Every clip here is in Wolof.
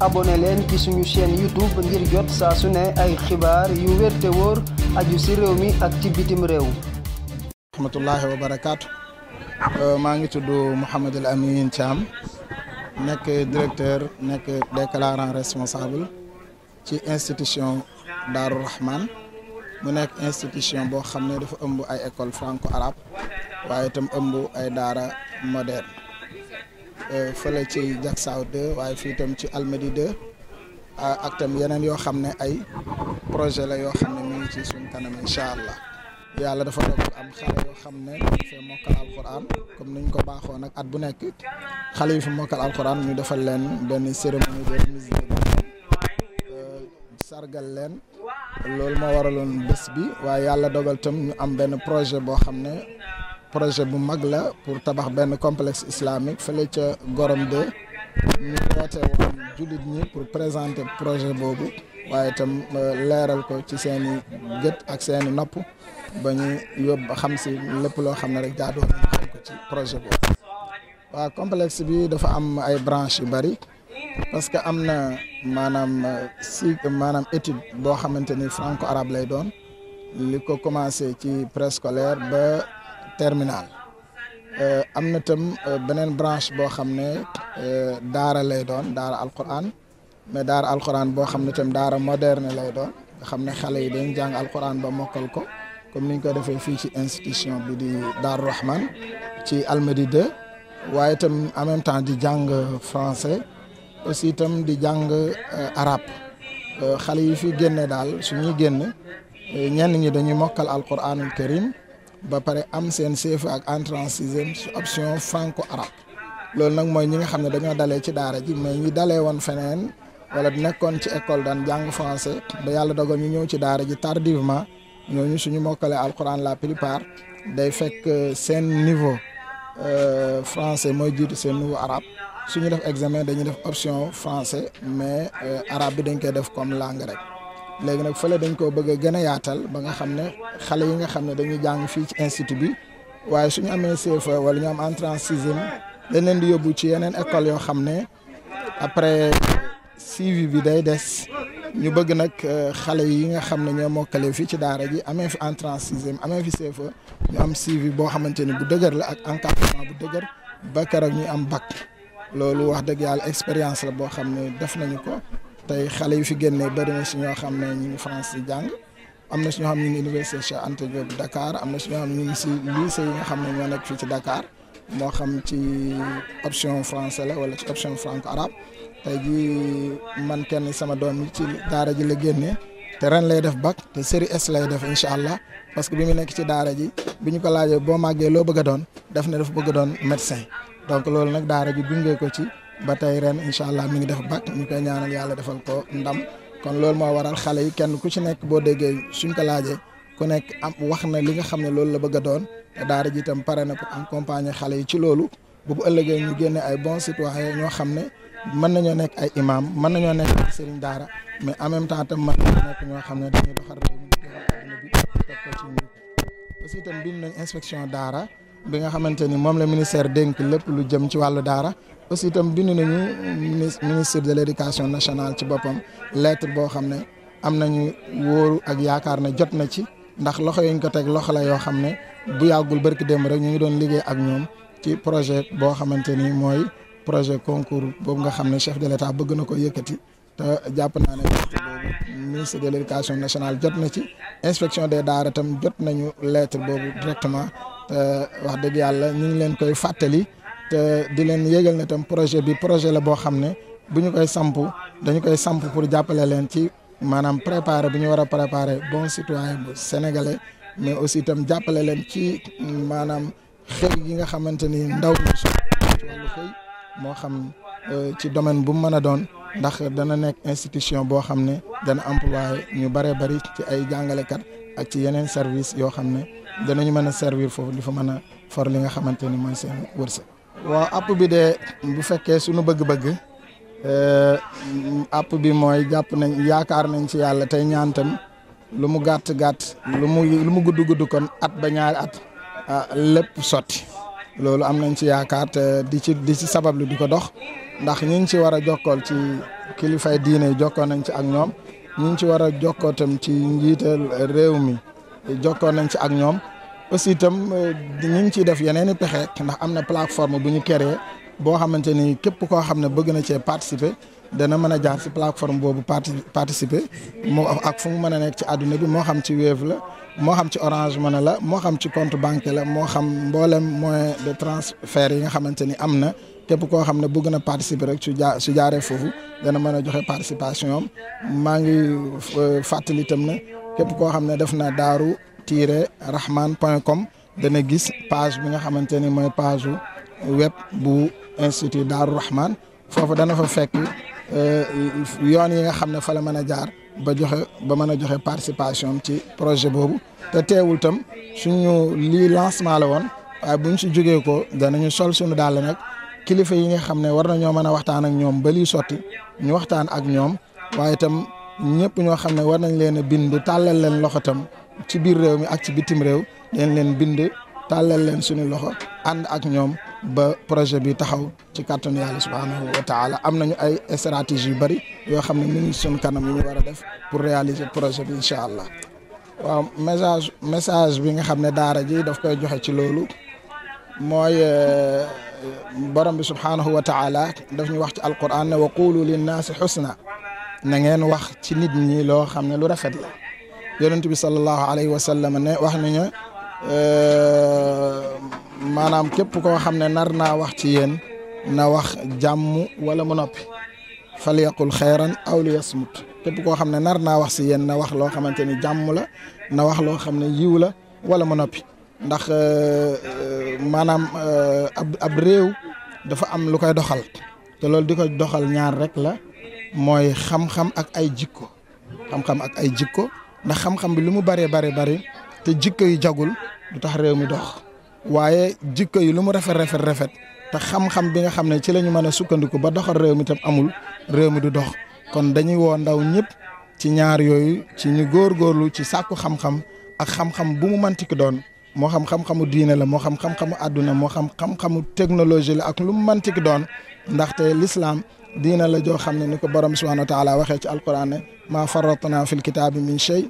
abonné leen ci suñu chaîne YouTube ngir jot saa su ne ay xibaar yu wér te aju si réew mi ak ci bitim réew. rahmatullahi wa barakaatu euh, maa ngi tudd Mouhamadul Amin Thiam nekk directeur nekk déclarant responsable ci institution Darou Rahman mu nekk institution boo xam ne dafa ëmb ay école franco arabe waaye itam ëmb ay daara moderne. Euh, fële ci Diacksao 2 waaye fii itam ci Almadi 2 ah, ak tam yeneen yoo xam ne ay projet la yoo xam ne mu ngi ci suñ kanam incha allah yàlla dafa doon am xale yoo xam ne dañ fee mokkal alquran comme niñ ko baaxoo nag at bu nekk xale yu fi mokkal alquran ñu defal leen benn cérémonie de remise euh, sargal leen loolu moo waraloon bés bi waaye yàlla dogal tam ñu am benn projet boo xam ne. projet bu mag la pour tabax benn complexe islamique fële ca Gorom 2 ñu woote woon jullit ñi pour présenter projet boobu waaye itam euh, leeral ko ci seeni i gët ak seen nopp ba ñu yóbbu xam si lépp loo xam ne rek jaadoon nañu ko ci projet boobu waaw complexe bi dafa am ay branches yu bari parce que am na maanaam si euh, maanaam étude boo xamante ni franco arab lay doon li ko commencé ci préscolaire ba. terminal euh, am na tam euh, beneen branche boo xam ne euh, daara lay doon daara alquran mais daara alquran boo xam ne tam daara moderne lay doon xam ne xale yi dañ jàng alquran ba mokkal ko comme niñ koy defee fii ci institution bi di Daaru Rahman ci Almadi waaye tam en même temps di jàng français aussi itam di jàng arab xale yi fi génne daal suñuy génn ñenn ñi dañuy mokkal alquranul karim ba pare am seen CFEE ak entrée en sixième option franco arab loolu nag mooy ñi nga xam ne dañoo dalee ci daara ji mais ñi dalee woon feneen wala nekkoon ci école daan jàng français ba yàlla dogal ñu ñëw ci daara ji tardivement ñu suñu mokkale alxuraan la plupart day fekk euh, seen niveau euh, français mooy jiitu seen niveau arabe suñu def examen dañuy def option français mais euh, arab bi dañ koy def comme langue rek. léegi nag fële dañ koo bëgg a gën a yaatal ba nga xam ne xale yi nga xam ne dañuy jàng fii ci institut bi waaye suñu amee CFEE wala ñu am entrée en sixième dañ leen di yóbbu ci yeneen école yoo xam ne après suivi bi day des ñu bëgg nag euh, xale yi nga xam ne ñoo mokkale fii ci daara ji amee fi entrée en sixième amee fi CFEE ñu am suivi boo xamante ni bu dëgër la ak encadrement bu dëgër ba keroog ñu am bac loolu wax dëgg yàlla expérience la boo xam ne def nañu ko tey xale yu fi génnee bëri na si ñoo xam ne ñu ngi France di jàng am na su ñoo xam ne ñu ngi université Cheikh Anta Diop Dakar am na si ñoo xam ne ngi si lycée yi nga xam ne ñoo nekk fii ci Dakar moo xam ci option français la wala ci option franco arabe tey jii man kenn sama doom yi ci daara ji la génnee te ren lay def bac te série S lay def incha allah parce que bi mu nekk ci daara ji bi ñu ko laajee boo màggee loo bëgg a doon def na dafa bëgg a doon médecin donc loolu nag daara ji gunge ko ci. ba tey ren incha allah mi ngi def bac ñu koy ñaanal yàlla defal ko ndam kon loolu moo waral xale yi kenn ku ci nekk boo déggee suñ ko laajee ku nekk am wax na li nga xam ne loolu la bëgg a doon daara ji pare na ko accompagner xale yi ci loolu bu bu ëllëgee ñu génne ay bons citoyens ñoo xam ne mën nañoo nekk ay imam mën nañoo nekk ay sëriñ daara mais en même temps tam mën nañoo ñoo xam ne dañuy doxal réew mi di doxal adduna ko ci aussi itam bind nañ inspection daara. bi nga xamante ni moom la ministère dénk lépp lu jëm ci wàllu daara aussi itam bind nañu ministre de l' nationale ci boppam lettre boo xam ne am nañu wóoru ak yaakaar ne jot na ci ndax loxo yi ñu ko teg loxo la yoo xam ne bu yàggul barki démb rek ñu ngi doon liggéey ak ñoom ci projet boo xamante ni mooy projet concours boobu nga xam ne chef de l' état bëgg na ko yëkkati te jàpp naa ne ministre de l' éducation nationale jot na ci inspection des daara tam jot nañu lettre boobu directement te wax dëgg yàlla ñu ngi leen koy fàttali te di leen yégal ne tam projet bi projet la boo xam ne bu ñu koy sampu dañu koy samp pour jàppale leen ci maanaam préparer bu ñu war a préparer bon citoyen bu sénégalais mais aussi tam jàppale leen ci maanaam xëy yi nga xamante ni ndaw moo xam euh, ci domaine bu mu mën a doon ndax dana nekk institution boo xam ne dana employé ñu bëree bëri ci ay jàngalekat ak ci yeneen service yoo xam ne danañu mën a servir foofu di fa mën a for li nga xamante ni mooy seen wërsëg. waaw app bi de bu fekkee suñu bëgg-bëgg euh, app bi mooy jàpp nañ yaakaar nañ ci yàlla tey ñaan lu mu gàtt gàtt lu mu lu mu gudd gudd kon at ba ñaari at ah, lépp sotti. loolu am nañ ci yaakaar te di ci di ci sabab lu di ko dox ndax ñi ci war a jokkool ci kilifay diine jokkoo nañ ci ak ñoom ñi ci war a jokkoo ci njiital réew mi jokkoo nañ ci ak ñoom aussi itam eh, ñu ngi ciy def yeneen i pexe ndax am na plateforme bu ñu créé boo xamante ni képp koo xam ne bëgg na cee participer dana mën a jaar si plateforme boobu parti participer moo ak fu mu mën a nekk ci àdduna bi moo xam ci Wave la moo xam ci Orange Money la moo xam ci compte banque la moo xam mboolem moyen de transfert yi nga xamante ni am na képp koo xam ne bëgg na participer rek su jaa su jaaree foofu dana mën a joxe participation maa ngi euh, fàttali itam ne képp koo xam ne def na daaru tiire rahman point comme dana gis page bi nga xamante ni mooy page web bu institut daaru rahman foofu dana fa fekk. Euh, yoon yi nga xam ne fa la mën a jaar ba joxe ba mën a joxe participation ci projet boobu te teewul tam suñu lii lancement la woon waaye buñ si jógee ko danañu sol suñu daal nag kilifa yi nga xam ne war nañoo mën a waxtaan ak ñoom bali lii sotti ñu waxtaan ak ñoom waaye tam ñëpp ñoo xam ne war nañ leen a bind tàllal leen loxo tam ci biir réew mi ak ci bitim réew dañ leen bind tàllal leen suñu loxo. ànd ak ñoom ba projet bi taxaw ci kàttanu yàlla subhaanahu wa taala am nañu ay stratégie yu bëri yoo xam ne ñu ngi kanam yu war a def pour réaliser projet bi incha allah waaw message message bi nga xam ne daara ji daf koy joxe ci loolu mooy euh, borom bi subhaanahu wa taala daf ñu wax ci alquran ne wa qulu linnaasi xusna na ngeen wax ci nit ñi loo xam ne lu rafet la yonent bi sallallahu alayhi wa ne wax nañu Euh, maanaam képp koo xam ne nar naa wax ci yéen na wax jàmm wala mu noppi fal yaqul xayran aw li yasmut képp koo xam ne nar naa wax si yéen na wax loo xamante ni jàmm la na wax loo xam ne yiw la wala mu noppi ndax euh, euh, maanaam ab ab réew dafa am lu koy doxal te loolu di ko doxal ñaar rek la mooy xam-xam ak ay jikko xam ak ay jikko ndax xam-xam bi lu mu bare bare bare te jikko yi jagul du tax réew mi dox waaye jikko yi lu mu rafet rafet rafet te xam-xam bi nga xam ne ci la ñu mën a sukkandiku ba doxal réew mi tam amul réew mi du dox kon dañuy woo ndaw ñëpp ci ñaar yooyu ci ñu góorgóorlu ci sàkku xam-xam ak xam-xam bu mu mënti ki doon moo xam xam-xamu diine la moo xam xam àdduna moo xam xam technologie la ak lu mu mënti ki doon ndaxte lislaam diina la joo xam ne ni ko borom subhanahu wa taala waxee ci alquran ne maa faratna fil kitaabi min shay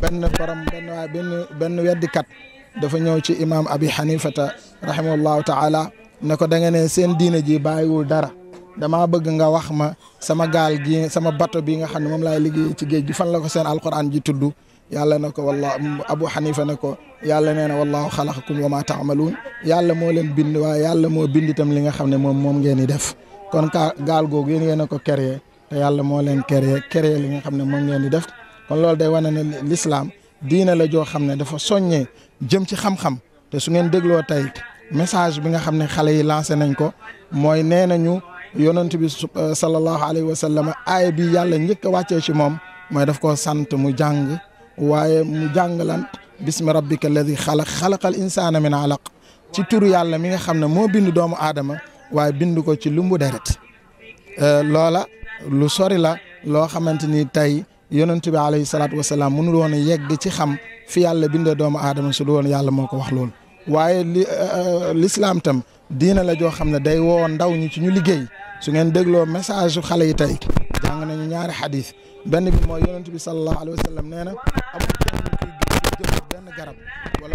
benn borom benn benn benn weddikat dafa ñëw ci imaam abi xanifata rahimahullahu taala ne ko da nga ne seen diina ji bàyyiwul dara damaa bëgg nga wax ma sama gaal gi sama bato bi nga xam ne moom laay liggéey ci géej gi fan la ko seen alquran ji tudd yàlla na ko walla abu xanifa ne ko yàlla nee na wallahu xalaqakum wa ma taamaluun yàlla moo leen bind waaye yàlla moo bind itam li nga xam ne moom moom ngeen di def kon ka gaal googu yéen ngeen a ko créé te yàlla moo leen créé créé li nga xam ne moom ngeen di def kon loolu day wane ne l'islam diine la joo xam ne dafa soññee jëm ci xam-xam te su ngeen dégloo tey message bi nga xam ne xale yi lancé nañ ko mooy nee nañu yonent bi euh, sallallahu alayhi wa sallam aaya bi yàlla njëkk wàcce wàccee ci moom mooy daf koo sant mu jàng waaye mu jàng lan bismi rabbika alladi xalaq xalaqal insaana min alaq ci turu yàlla mi nga xam ne moo bind doomu aadama waaye bind ko ci lumbu deret euh, loola lu sori la loo xamante ni tey yonent bi alayhi salaatu wasalaam mënul woon a yegg ci xam fi yàlla bindee doomu aadama su dul woon yàlla moo ko wax loolu waaye li euh, euh, lislaam tam diina la joo xam ne day woo ndaw ñu ci ñu liggéey su ngeen dégloo message su xale yi tey jàng nañu ñaari xadis benn bi mooy yonent bi sallallahu alayhi wa sallam nee na amul benn garab wala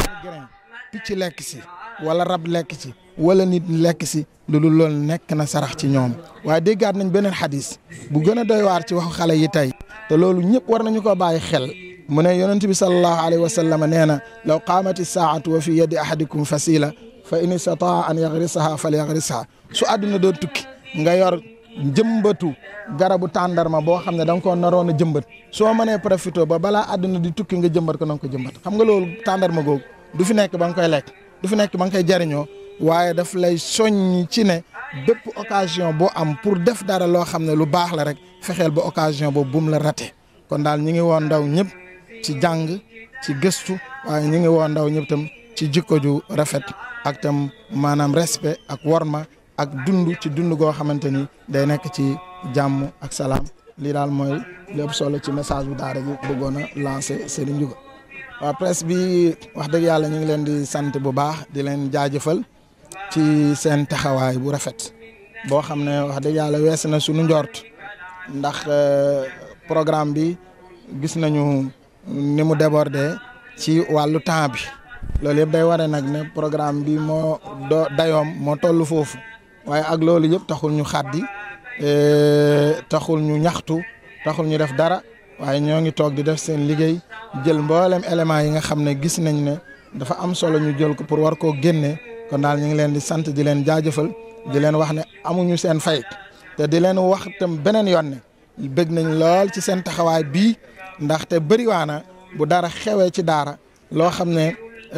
benn grain picc lekk si wala rab lekk ci wala nit lekk si lu dul loolu nekk na sarax ci ñoom waaye déggaat nañ beneen xadis bu gën a doy waar ci wax xale yi tey te loolu ñëpp war nañu ko bàyyi xel mu ne yonent bi sallallahu alayhi wa sallam nee na law qaamati saatu wa fi yadi ahadikum fasila fa in istataa an yagrisaha fal yagrisaha su aduna doo tukki nga yor jëmbatu garabu tàndarma boo xam ne dan nga koo naroon a jëmbat soo mënee profité ba balaa àdduna di tukki nga jëmbat ko na nga ko jëmbat xam nga loolu tàndarma googu du fi nekk ba nga koy lekk du fi nekk ma ngi koy jariñoo waaye daf lay soññ ci ne bépp occasion boo am pour def dara loo xam ne lu baax la rek fexeel ba occasion boobu bum la rate kon daal ñi ngi woon ndaw ñëpp ci jàng ci gëstu waaye ñi ngi woon ndaw ñëpp tam ci jikko ju rafet ak tam maanaam respect ak worma ak dund ci dund goo xamante ni day nekk ci jàmm ak salaam lii daal mooy lépp solo ci message bu daara ji bëggoon a lancer Serigne Ndiouga waaw presse bi wax dëgg yàlla ñu ngi leen di sant bu baax di leen jaajëfal ci seen taxawaay bu rafet boo xam ne wax dëgg yàlla wees na sunu njort ndax euh, programme bi gis nañu ni mu débordé ci wàllu temps bi loolu yëpp day ware nag ne programme bi moo doo dayoom moo toll foofu waaye ak loolu yëpp taxul ñu xaddi euh, taxul ñu ñaxtu taxul ñu def dara waaye ñoo ngi toog di def seen liggéey jël mboolem éléments yi nga xam ne gis nañ ne dafa am solo ñu jël ko pour war koo génne kon daal ñu ngi leen di sant di leen jaajëfal di leen wax ne amuñu seen fay te di leen wax tam beneen yoon ne bëgg nañ lool ci seen taxawaay bii ndaxte bëriwaana bu dara xewee ci daara loo xam ne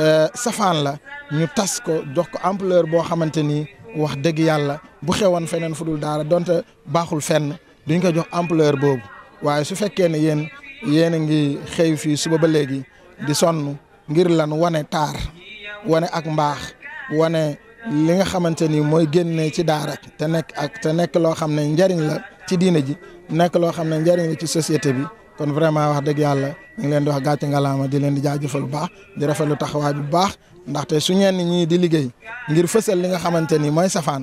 euh, safaan la ñu tas ko jox ko ampleur boo xamante ni wax dëgg yàlla bu xewoon feneen fu dul daara donte baaxul fenn duñ ko jox ampleur boobu. waaye su fekkee ne yéen yéen a ngi xëy fii suba ba léegi di sonn ngir lan wane taar wane ak mbaax wane li nga xamante ni mooy génne ci daara te nekk ak te nekk loo xam ne njariñ la ci diine ji nekk loo xam ne njariñ la ci société bi kon vraiment wax dëgg yàlla ñu leen di wax gàcce ngalaama di leen di jaajëfal lu baax di rafetlu taxawaay bu baax ndaxte su ñenn ñii di liggéey ngir fësal li nga xamante ni mooy safaan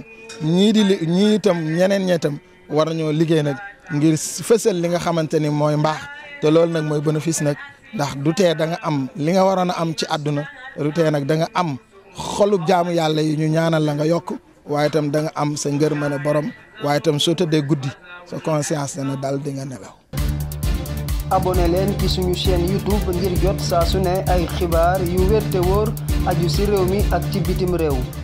ñii di ñii itam ñeneen ñee war nañoo liggéey nag ngir fësal li nga xamante ni mooy mbaax te loolu nag mooy bénéfice nag ndax du tee da nga am li nga waroon a am ci àdduna du tee nag danga am xolu jaamu yàlla yi ñu ñaanal la nga yokk waaye itam da nga am sa ngër mën a borom waaye itam soo tëddee guddi sa conscience dana dal di nga nelaw. abonné leen ci suñu chaîne youtube ngir jot saa su ne ay xibaar yu wér te wóor aju si réew mi ak ci bitim réew.